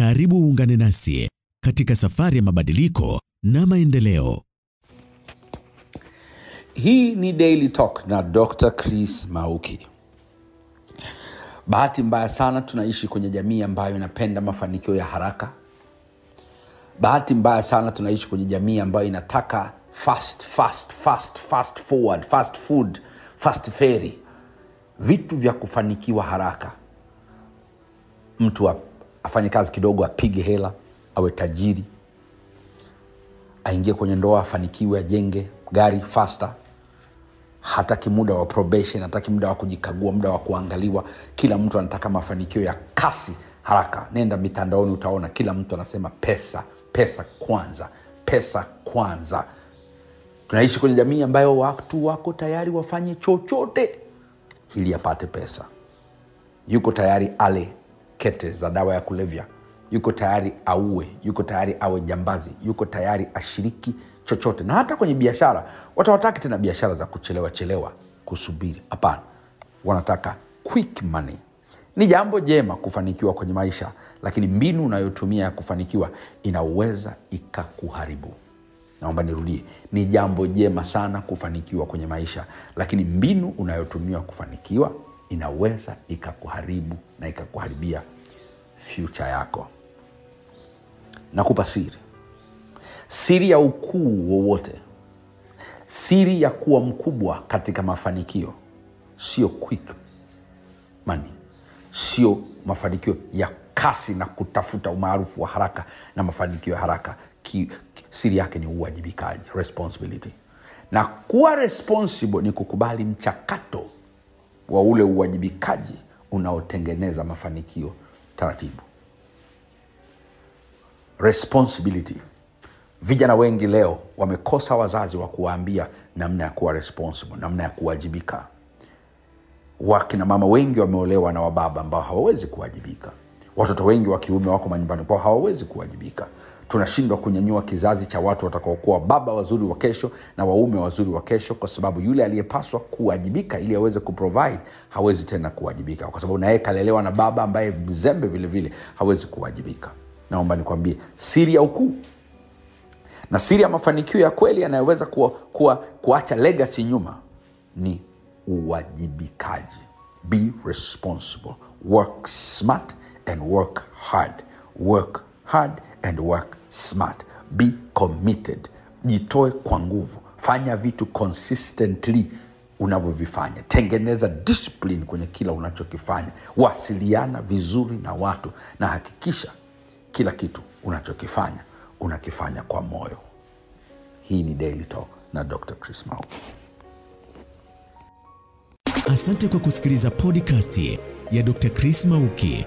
Karibu uungane nasi katika safari ya mabadiliko na maendeleo. Hii ni Daily Talk na Dr. Chris Mauki. Bahati mbaya sana tunaishi kwenye jamii ambayo inapenda mafanikio ya haraka. Bahati mbaya sana tunaishi kwenye jamii ambayo inataka fast fast fast fast forward fast food fast ferry, vitu vya kufanikiwa haraka. Mtu wa afanye kazi kidogo apige hela awe tajiri aingie kwenye ndoa afanikiwe ajenge gari fasta hataki muda wa probation hataki muda wa kujikagua muda wa kuangaliwa kila mtu anataka mafanikio ya kasi haraka nenda mitandaoni utaona kila mtu anasema pesa pesa kwanza pesa kwanza tunaishi kwenye jamii ambayo watu wako tayari wafanye chochote ili apate pesa yuko tayari ale kete za dawa ya kulevya yuko tayari aue yuko tayari awe jambazi yuko tayari ashiriki chochote na hata kwenye biashara watawataki tena biashara za kuchelewa chelewa kusubiri hapana wanataka quick money ni jambo jema kufanikiwa kwenye maisha lakini mbinu unayotumia ya kufanikiwa inaweza ikakuharibu naomba nirudie ni jambo jema sana kufanikiwa kwenye maisha lakini mbinu unayotumia kufanikiwa inaweza ikakuharibu na ikakuharibia future yako nakupa siri siri ya ukuu wowote siri ya kuwa mkubwa katika mafanikio sio quick money sio mafanikio ya kasi na kutafuta umaarufu wa haraka na mafanikio ya haraka ki, ki, siri yake ni uwajibikaji responsibility na kuwa responsible ni kukubali mchakato wa ule uwajibikaji unaotengeneza mafanikio taratibu responsibility vijana wengi leo wamekosa wazazi wa kuwaambia namna ya kuwa responsible namna ya kuwajibika wakina mama wengi wameolewa na wababa ambao hawawezi kuwajibika watoto wengi wa kiume wako manyumbani kwao hawawezi kuwajibika tunashindwa kunyanyua kizazi cha watu watakaokuwa baba wazuri wa kesho na waume wazuri wa kesho kwa sababu yule aliyepaswa kuwajibika ili aweze kuprovide hawezi tena kuwajibika kwa sababu naye kalelewa na baba ambaye mzembe vile vile hawezi kuwajibika naomba nikwambie siri ya ukuu na siri ya mafanikio ya kweli yanayoweza kuwa, kuwa, kuacha legasi nyuma ni uwajibikaji be responsible work smart and work hard. Work hard and work smart. Be committed. Jitoe kwa nguvu, fanya vitu consistently unavyovifanya. Tengeneza discipline kwenye kila unachokifanya. Wasiliana vizuri na watu, na hakikisha kila kitu unachokifanya unakifanya kwa moyo. Hii ni Daily Talk na Dr. Chris Mauki. Asante kwa kusikiliza podcast ya Dr. Chris Mauki.